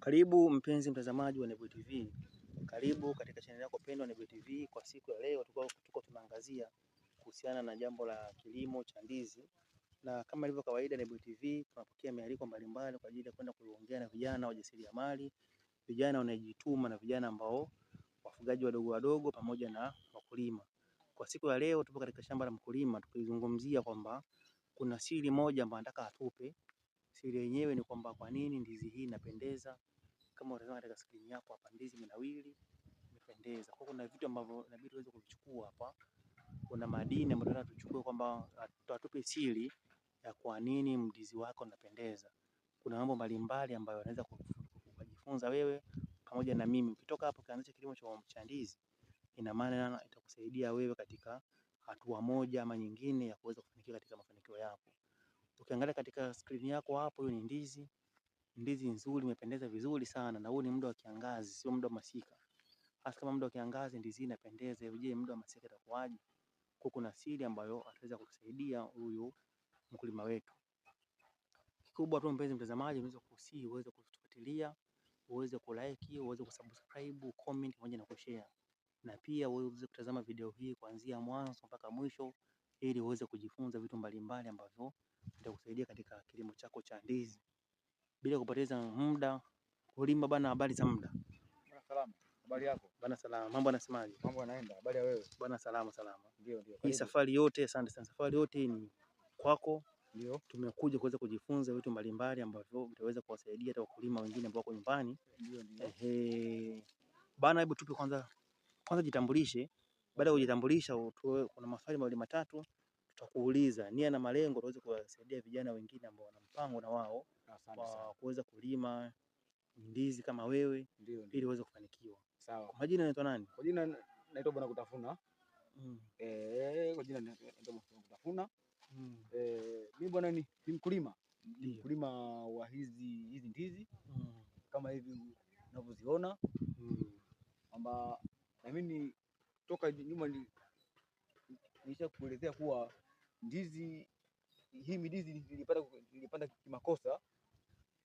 Karibu mpenzi mtazamaji wa Nebuye TV. Karibu katika chaneli yako pendwa Nebuye TV. Kwa siku ya leo tuko tunaangazia kuhusiana na jambo la kilimo cha ndizi, na kama ilivyo kawaida, Nebuye TV tunapokea mialiko mbalimbali kwa ajili ya kwenda kuongea na vijana wajasiriamali, vijana wanajituma na vijana ambao wafugaji wadogo wadogo pamoja na wakulima. Kwa siku ya leo tupo katika shamba la mkulima tukizungumzia kwamba kuna siri moja ambayo nataka atupe Siri yenyewe ni kwamba kwa nini ndizi hii inapendeza. Kama unatazama katika skrini yako hapa, ndizi imenawiri, imependeza. Kwa kuna vitu ambavyo inabidi uweze kuvichukua hapa. Kuna madini ambayo tunataka tuchukue, kwamba atupe siri ya kwa nini mdizi wako unapendeza. Kuna mambo mbalimbali ambayo unaweza kujifunza wewe pamoja na mimi. Ukitoka hapo ukaanzisha kilimo cha ndizi, ina maana itakusaidia wewe katika hatua moja ama nyingine ya kuweza kufanikiwa katika mafanikio yako. Ukiangalia katika skrini yako hapo, hiyo ni ndizi. Ndizi nzuri imependeza vizuri sana, na huu ni muda wa kiangazi, sio muda wa masika. Hasa kama muda wa kiangazi ndizi hii inapendeza, je, muda wa masika itakuwaje? Kwa kuna siri ambayo ataweza kutusaidia huyu mkulima wetu. Kikubwa tu mpenzi mtazamaji, unaweza kusi uweze kutufuatilia, uweze kulike, uweze kusubscribe, comment pamoja na kushare, na pia uweze kutazama video hii kuanzia mwanzo mpaka mwisho, ili uweze kujifunza vitu mbalimbali ambavyo itakusaidia katika kilimo chako cha ndizi bila kupoteza muda kulima bana. Habari za muda bana? Salama, habari yako bana? Salama, mambo yanasemaje? Mambo yanaenda, habari ya wewe bana? Salama, salama. Ndio, ndio. Hii safari yote, asante sana, safari yote ni kwako. Ndio, tumekuja kuweza kujifunza vitu mbalimbali ambavyo vitaweza kuwasaidia hata wakulima wengine ambao wako nyumbani. Ndio, ndio. Ehe bana, hebu tupe kwanza, kwanza jitambulishe. Baada ya kujitambulisha, kuna maswali mawili matatu tutakuuliza nia na malengo, tuweze kuwasaidia vijana wengine ambao wana mpango na wao wa kuweza kulima ndizi kama wewe, ili uweze kufanikiwa. Sawa. Kwa majina naitwa nani? Kwa jina naitwa Bwana Kutafuna. Mm. Eh, kwa jina naitwa Bwana Kutafuna. Mm. Eh, mimi bwana ni mkulima. Ni mkulima wa hizi hizi ndizi. Mm. Kama hivi unavyoziona. Mm. Kwamba na mimi toka nyuma nilisha kuelezea kuwa ndizi hii midizi nilipanda kimakosa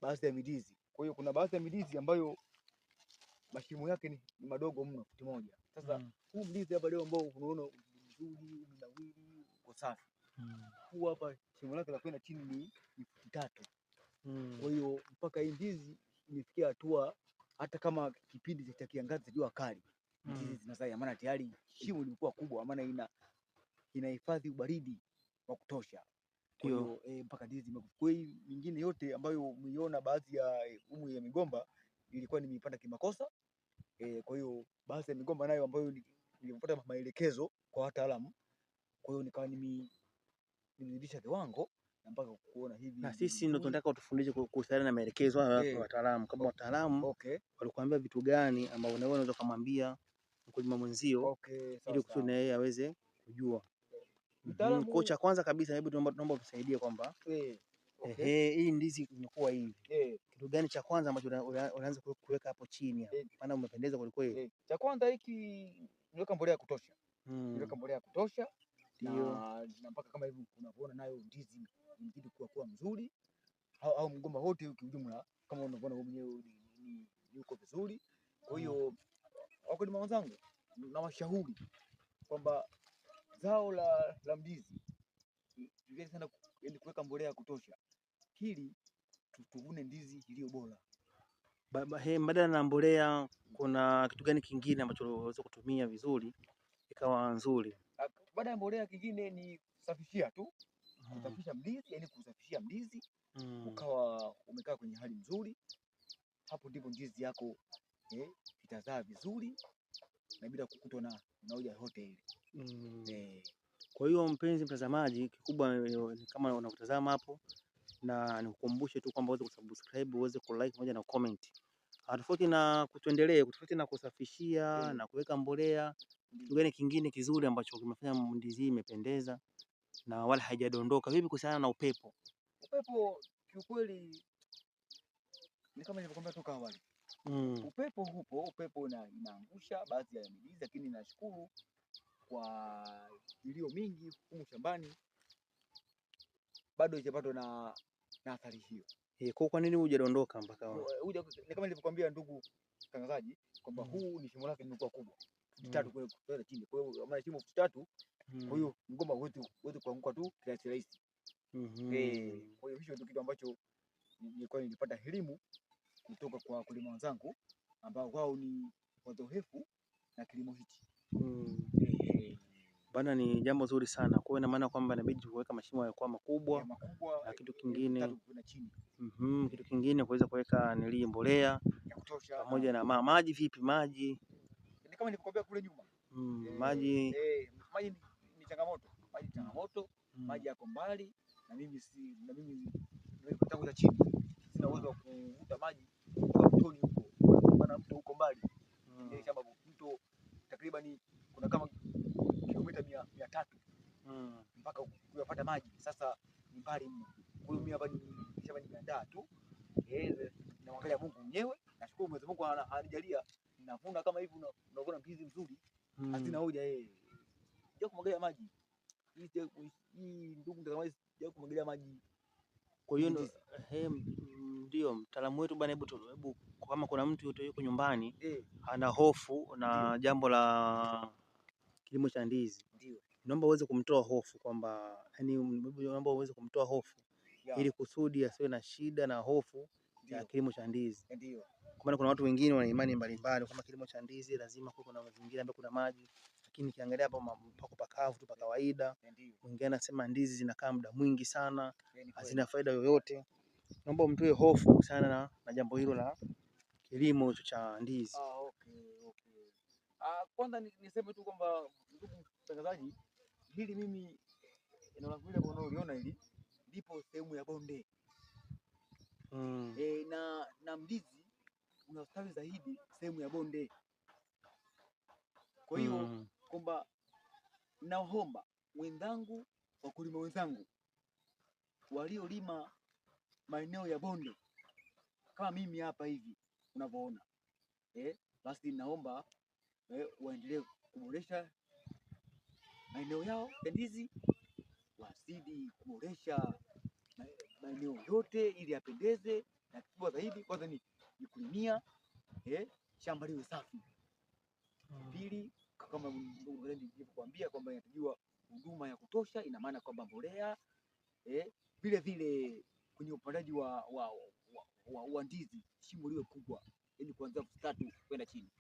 baadhi ya midizi. Kwa hiyo kuna baadhi ya midizi ambayo mashimo yake ni madogo mno futi moja. Sasa mm. huu mdizi hapa leo ambao unaona mzuri mnawili uko safi mm. huu hapa shimo lake la kwenda chini ni, ni futi tatu mm. kwa hiyo mpaka hii ndizi imefikia hatua hata kama kipindi cha kiangazi cha jua kali ndizi mm. zinazaa, maana tayari shimo limekuwa kubwa, maana ina inahifadhi ubaridi wa kutosha. Kwa e, mpaka ndizi zimekufa. Hii mingine yote ambayo umeiona baadhi ya eh, umu ya migomba ilikuwa nimeipanda kimakosa. E, kwa hiyo baadhi ya migomba nayo ambayo nilipata maelekezo kwa wataalamu, kwa hiyo nikawa nimezidisha kiwango mpaka kuona hivi. Na sisi ndio tunataka utufundishe kuhusiana na maelekezo hayo ya wataalamu, kama wataalamu okay, walikuambia vitu gani ambavyo unaweza kumwambia mkulima mwenzio, okay, ili kusudi na yeye aweze kujua. Mtaalamu kocha, kwanza kabisa, hebu tunaomba tusaidie kwamba eh, okay. Hii ndizi imekuwa hivi eh, kitu gani cha kwanza ambacho unaanza kuweka hapo chini hapo, eh. Maana umependeza kweli kweli. Eh, cha kwanza hiki niweka mbolea ya kutosha, niweka hmm. mbolea ya kutosha na mpaka kama hivi unavyoona nayo ndizi inazidi kuwa kuwa mzuri, au, au mgomba wote kiujumla kama unavyoona mwenyewe yuko vizuri. Kwa hiyo hmm. wakulima wenzangu, nawashauri kwamba zao la, la ndizi tujue sana yani kuweka mbolea ya kutosha, hili tuvune ndizi iliyo bora. Mbadala na mbolea, kuna kitu gani kingine ambacho unaweza kutumia vizuri ikawa nzuri? Baada ya mbolea, kingine ni kusafishia tu mm. kusafisha mdizi, yani kusafishia mdizi mm. ukawa umekaa kwenye hali nzuri, hapo ndipo ndizi yako eh, itazaa vizuri na bila kukutwa na na hoja yoyote ile. Mm. Eh. Kwa hiyo mpenzi mtazamaji, kikubwa ni kama unavyotazama hapo, na nikukumbushe tu kwamba uweze kusubscribe, uweze kulike pamoja na comment. Ah, tofauti na kutuendelee, tofauti na kusafishia mm. na kuweka mbolea mm. kitu gani kingine kizuri ambacho kimefanya ndizi imependeza na wala haijadondoka? Vipi kuhusiana na upepo? Upepo kiukweli ni kama nilivyokuambia toka awali mm. upepo hupo, upepo unaangusha baadhi ya mizizi, lakini nashukuru kwa vilio mingi humu shambani bado ijapatwa na, na athari hiyo. Hey, eh, kwa nini hujadondoka mpaka eh, huja? Ni kama nilivyokuambia ndugu mtangazaji kwamba hmm. huu ni shimo lake limekuwa kubwa mm. tatu kwenda chini, kwa hiyo maana shimo tatu, mm. kwa hiyo mgomba wetu wetu kuanguka tu kirahisi rahisi. Mm-hmm. Eh, kwa hiyo hicho ndio kitu ambacho nilikuwa nilipata elimu kutoka kwa wakulima wenzangu ambao wao ni wazoefu na kilimo hichi. Mm. Eh, Bana ni jambo zuri sana. Kwa hiyo ina maana kwamba inabidi kuweka mashimo yakuwa makubwa, na kitu kingine mhm, kitu kingine kuweza kuweka nili mbolea pamoja na ma, maji. Vipi maji? Ni kama nilikwambia kule nyuma mm, e, maji eh, maji ni changamoto, maji ni changamoto mm. Maji yako mbali na mimi si, na mimi tangu za chini sina uwezo wa kuvuta maji kwa mtoni huko, maana mto huko mbali mm. Shamba mto takriban kuna kama mia tatu mm. mpaka kuyapata maji sasa ni mbali mno. Kwa hiyo mimi hapa nimeandaa tu namwangalia Mungu mwenyewe, nashukuru Mwenyezi Mungu anajalia navuna kama hivi, unavuna mbizi mzuri mm. hazina hoja eh, sija kumwagilia maji hii, ndugu mtazamaji, sija kumwagilia maji. Kwa hiyo ndio mtaalamu wetu bwana, hebu hebu, kama kuna mtu yote yuko nyumbani eh. ana hofu na jambo la kilimo cha ndizi ndio naomba uweze kumtoa hofu kwamba yani, naomba uweze kumtoa hofu yeah, ili kusudi asiwe na shida na hofu ya kilimo cha ndizi. kwa maana kuna watu wengine wana imani mbalimbali kama kilimo cha ndizi lazima kuwe kuna mazingira ambayo kuna maji, lakini kiangalia hapo pako pakavu tu pa kawaida. Mwingine anasema ndizi zinakaa muda mwingi sana, yaani hazina faida yoyote. Naomba umtoe hofu sana na, na jambo hilo la kilimo cha ndizi. Ah, okay, okay. Ah, kwanza niseme tu kwamba ndugu mtangazaji hili mimi eneo langu hili unaoliona hili ndipo sehemu ya bonde mm. E, na, na mdizi unastawi zaidi sehemu ya bonde. Kwa hiyo mm. kwamba naomba wenzangu, wakulima wenzangu waliolima maeneo ya bonde kama mimi hapa hivi unavyoona, eh, basi naomba eh, waendelee kuboresha maeneo yao ya ndizi, wazidi kuboresha maeneo yote ili yapendeze, na kikubwa zaidi kwanza ni kulimia eh, shamba liwe safi. Hmm. Pili, kama nilivyokuambia kwamba inatajiwa huduma ya kutosha, ina maana kwamba mbolea eh, vile vile kwenye upandaji wa, wa, wa, wa, wa ndizi shimo liwe kubwa, yaani kuanzia futi tatu kwenda chini,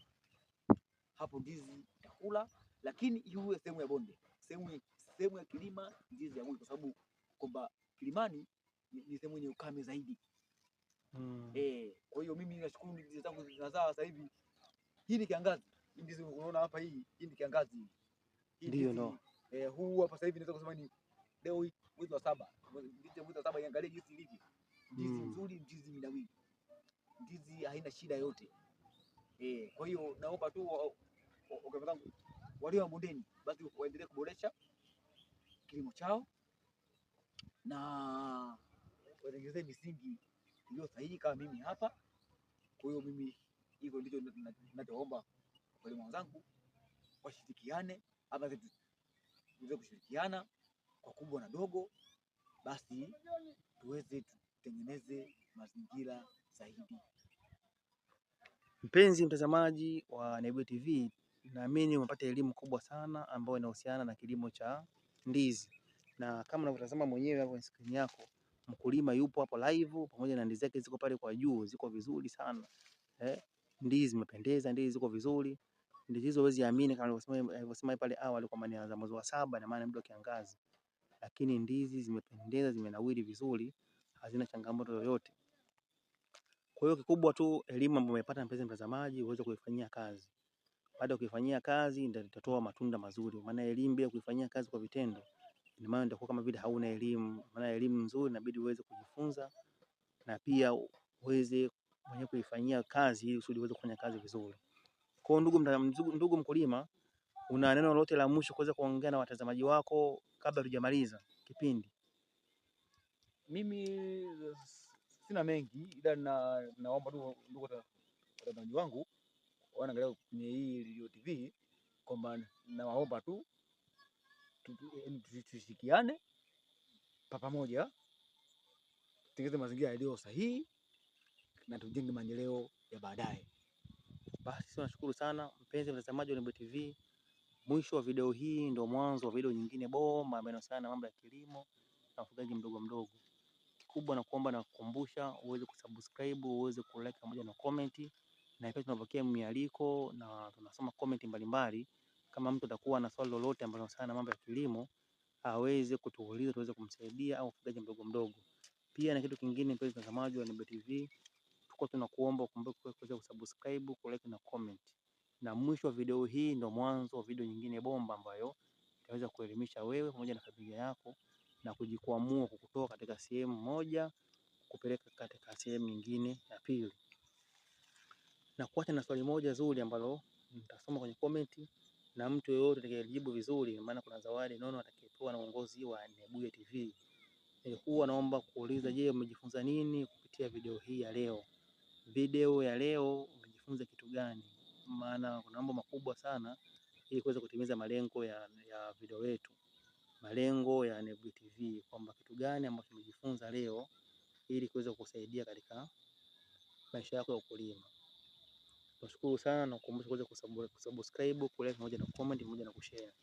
hapo ndizi itakula lakini iwe sehemu ya bonde, sehemu sehemu ya kilima, ndizi ya mwili, kwa sababu kwamba kilimani ni sehemu yenye ukame zaidi. Mm. Eh, kwa hiyo mimi nashukuru ndizi zangu zinazaa sasa hivi. Hii ni kiangazi. Ndizi unaona hapa hii, hii ni kiangazi. Ndio no. Eh, huu hapa sasa hivi naweza kusema ni leo mwezi wa saba. Ndizi ya mwezi wa saba iangalie jinsi ilivyo. Ndizi nzuri, ndizi minawili. Ndizi haina shida yote. Eh, kwa hiyo naomba tu okay, walio mabondeni basi waendelee kuboresha kilimo chao na watengenezee misingi iliyo sahihi kama mimi hapa. Kwa hiyo mimi hivyo ndicho ninachoomba wakulima wenzangu, washirikiane hapa, tuweze kushirikiana kwa kubwa na dogo, basi tuweze tutengeneze mazingira sahihi. Mpenzi mtazamaji wa Nebuye TV, naamini umepata elimu kubwa sana ambayo inahusiana na kilimo cha ndizi, na kama unavyotazama mwenyewe hapo kwenye skrini yako, mkulima yupo hapo live pamoja na ndizi zake ziko pale kwa juu, ziko vizuri sana eh, ndizi zimependeza, ndizi ziko vizuri. Ndizi hizo huwezi amini, kama alivyosema pale awali kwa maana za mwezi wa saba na maana muda kiangazi, lakini ndizi zimependeza, zimenawiri vizuri, hazina changamoto yoyote. Kwa hiyo kikubwa tu elimu ambayo umepata, mpenzi mtazamaji, uweze kuifanyia kazi baada ya kuifanyia kazi ndio itatoa matunda mazuri. Maana elimu bila kuifanyia kazi kwa vitendo, ina maana ndio kama vile hauna elimu. Maana elimu nzuri inabidi uweze kujifunza na pia uweze mwenyewe kuifanyia kazi ili usudi uweze kufanya kazi vizuri. Kwa ndugu, ndugu mkulima, una neno lolote la mwisho kuweza kuongea na watazamaji wako kabla tujamaliza kipindi? Mimi sina mengi, ila naomba ndugu watazamaji wangu wanaangalia kwenye hii Radio TV kwamba nawaomba tu tushirikiane kwa pamoja, tutengeze mazingira yaliyo sahihi na tujenge maendeleo ya baadaye. Basi tunashukuru sana mpenzi mtazamaji wa Nebuye TV. Mwisho wa video hii ndio mwanzo wa video nyingine bomba ambayo inahusiana na mambo ya kilimo na ufugaji mdogo mdogo. Kikubwa na kuomba na kukumbusha uweze kusubscribe, uweze kulike pamoja na comment na pia tunapokea mialiko na tunasoma comment mbalimbali. Kama mtu atakuwa na swali lolote ambalo linahusiana na mambo ya kilimo aweze kutuuliza tuweze kumsaidia, au mfugaji mdogo mdogo pia. Na kitu kingine, mpenzi mtazamaji wa Nebuye TV, tuko tunakuomba ukumbuke kuweza kusubscribe, ku like na comment, na mwisho wa video hii ndio mwanzo wa video nyingine bomba ambayo itaweza kuelimisha wewe pamoja na familia yako na kujikwamua kutoka katika sehemu moja kupeleka katika sehemu nyingine ya pili na kuacha na swali moja zuri ambalo mtasoma mm. kwenye comment na mtu yeyote atakayejibu vizuri, maana kuna zawadi nono atakayepewa na uongozi wa Nebuye TV. Nilikuwa eh, naomba kuuliza, je, umejifunza nini kupitia video hii ya leo? Video ya leo umejifunza kitu gani? Maana kuna mambo makubwa sana ili kuweza kutimiza malengo ya, ya video yetu, malengo ya Nebuye TV, kwamba kitu gani ambacho umejifunza leo ili kuweza kusaidia katika maisha yako ya ukulima. Nashukuru sana na kukumbusha kuweza kusubscribe, kulike pamoja na comment pamoja na kushare.